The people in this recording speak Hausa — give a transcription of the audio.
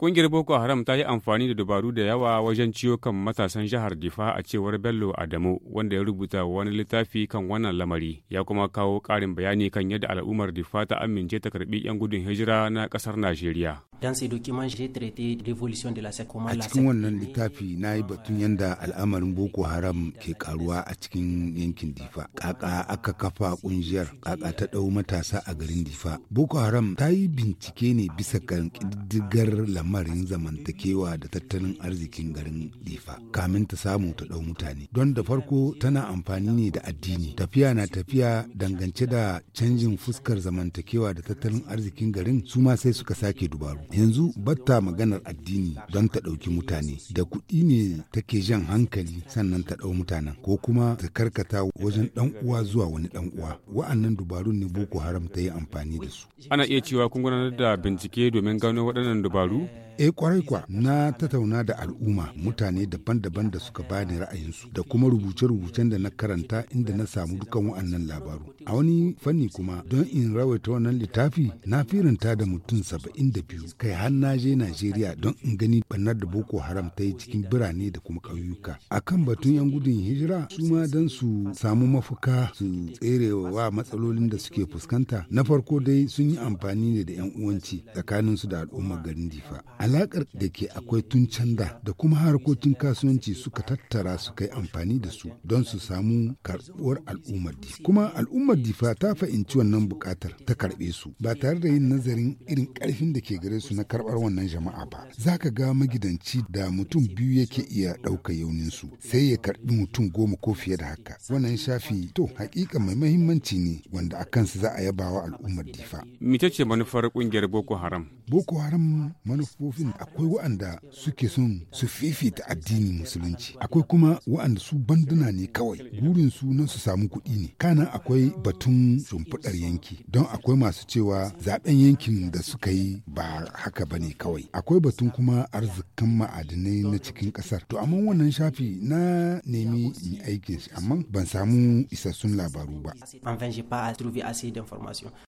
Ƙungiyar Boko Haram ta yi amfani da dabaru da yawa wajen ciyo kan matasan jihar Difa a cewar Bello Adamu wanda ya rubuta wani littafi kan wannan lamari ya kuma kawo ƙarin bayani kan yadda al'ummar Difa ta amince ta karɓi 'yan gudun hijira na ƙasar Najeriya. dan sai document j'ai traité l'évolution de la a cikin wannan littafi na yi batun yanda al'amarin boko haram ke karuwa a cikin yankin difa kaka aka kafa kungiyar kaka ta dau matasa a garin difa boko haram ta yi bincike ne bisa kan kididdigar lamarin zamantakewa da tattalin arzikin garin difa kamin ta samu ta dau mutane don da farko tana amfani ne da addini tafiya na tafiya dangance da canjin fuskar zamantakewa da tattalin arzikin garin su ma sai suka sake dubaru yanzu batta maganar addini don ta ɗauki mutane da kuɗi ne take jan hankali sannan ta ɗau mutanen ko kuma ta karkata wajen ɗan uwa zuwa wani ɗan uwa wa'annan dubarun ne boko haram ta yi amfani da su ana iya cewa kun gudanar da bincike domin gano waɗannan dubaru E kwarai kwa na tattauna da al'umma mutane daban-daban da suka bani ra'ayinsu da kuma rubuce-rubucen da na karanta inda na samu dukan wa'annan labaru. A wani fanni kuma don in rawaita wannan littafi na firinta da mutum saba'in da biyu kai har na je Najeriya don in gani bannar da Boko Haram ta yi cikin birane da kuma ƙauyuka. a kan batun 'yan gudun hijira su ma don su samu mafuka su tserewa matsalolin da suke fuskanta. Na farko dai sun yi amfani ne da 'yan uwanci tsakaninsu da al'ummar garin Difa. alakar da ke akwai tun can da kuma harkokin kasuwanci suka tattara su kai amfani da su don su samu karɓuwar al'ummar di Kuma al'ummar difa ta fahimci wannan buƙatar ta karɓe su ba tare da yin nazarin irin ƙarfin da ke gare su na karɓar wannan jama'a ba. Za ka ga magidanci da mutum biyu yake iya ɗauka yaunin su sai ya karɓi mutum goma ko fiye da haka. Wannan shafi to hakika mai mahimmanci ne wanda a kansu za a yabawa al'ummar difa. Mita ce manufar ƙungiyar Boko Haram? Boko Haram manufofi abin akwai waɗanda suke son su fifita addinin musulunci akwai kuma waɗanda su banduna ne kawai gurin su nan su samu kuɗi ne kana akwai batun shimfiɗar yanki don akwai masu cewa zaben yankin da suka yi ba haka ba ne kawai akwai batun kuma arzikin ma'adinai na cikin ƙasar to amma wannan shafi na nemi in aikin shi amma ban samu isassun labaru ba